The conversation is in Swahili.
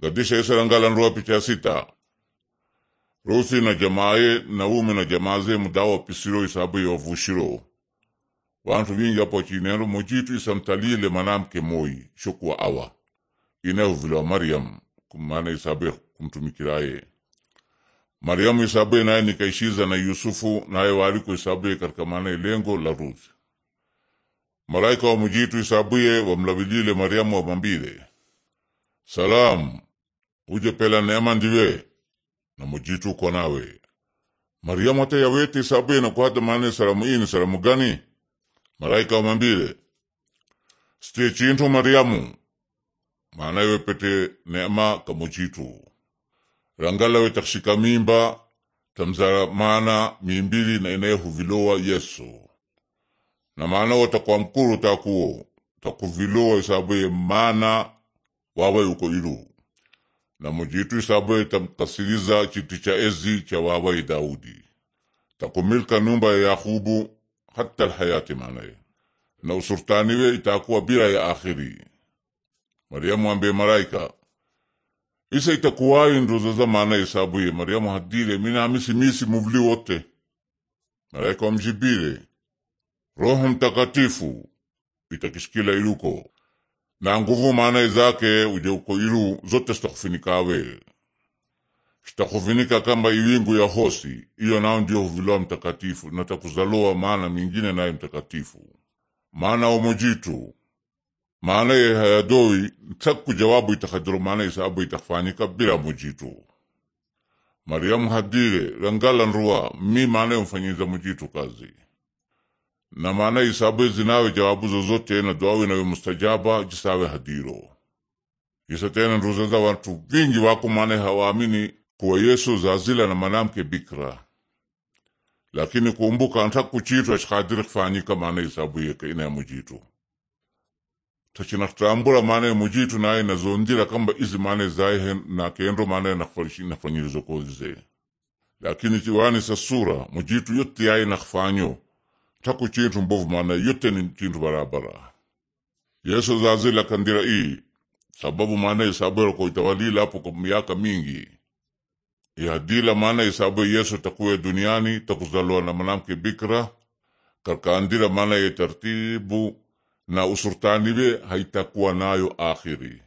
gadisha isarangalan rua picha sita rusi na jamaye na ume na jamaze mudawa pisiro isabu wavushiro wantu vingi apo chinero mujitu isamtalile manamke moi shukwa awa wa mariam kumana isabu kumtumikiraye mariamu ya naye nikaishiza na yusufu naye waliko isabuye katika maana ilengo la rusi malaika wa mujitu isabuye wamlavilile mariamu wamambile salamu uje pela neema ndiwe na mujitu konawe mariamu hata yaweti sabu inakuhata mane salamu ini salamu gani malaika wamambile site chintu mariamu maana iwe pete neema kamujitu rangala we takshika mimba tamzara maana mimbili na inaye huvilowa yesu na maana wo takwa mkuru takuo takuvilowa isabuye maana wawe uko ilu na mujitu isabuye tamkasiriza chiti cha ezi cha wawai Daudi takumilka numba ya Yakubu hata lhayati manaye na usurtaniwe itakuwa bila ya akhiri. Mariamu ambe maraika isa itakuwayi nduzaza maana isabuye Mariamu hadile mina misi misi muvli wote. Maraika wamjibile Roho Mtakatifu itakishikila iluko na nguvu maanaye zake uko ilu zote zitakufinikaawe sitakufinika kamba iwingu ya hosi iyo nao ndio huviloa mtakatifu na takuzaloa maana mingine naye mtakatifu maana omojitu ye hayadoi ntaku jawabu itakadiro maanaye sababu itakufanyika bila mujitu mariamu hadire langala nruwa mi maanaye mfanyiza mujitu kazi na maana isabu zinawe jawabu zozote na duawe nawe mustajaba jisawe hadiro isa tena nruzeza watu vingi wako maana hawaamini kuwa yesu zazila na manamke bikra lakini kumbuka nta kuchitu ashikadiri kufanyika maana isabu yeke ina ya mujitu tachinakutambula maana ya mujitu na naye nazondila kamba izi maana zaihe na kendo maana nakufanyirizo kozize lakini tiwani sasura mujitu yote yaye nakufanyo taku chintu mbovu maana yote ni chintu barabara. Yesu zazila kandira ii sababu maana isabuero itawalila hapo kwa miaka mingi yadila maana isabu Yesu takuwe duniani takuzaliwa na mwanamke bikira karkaandira maana ye tartibu na be haitakuwa nayo akhiri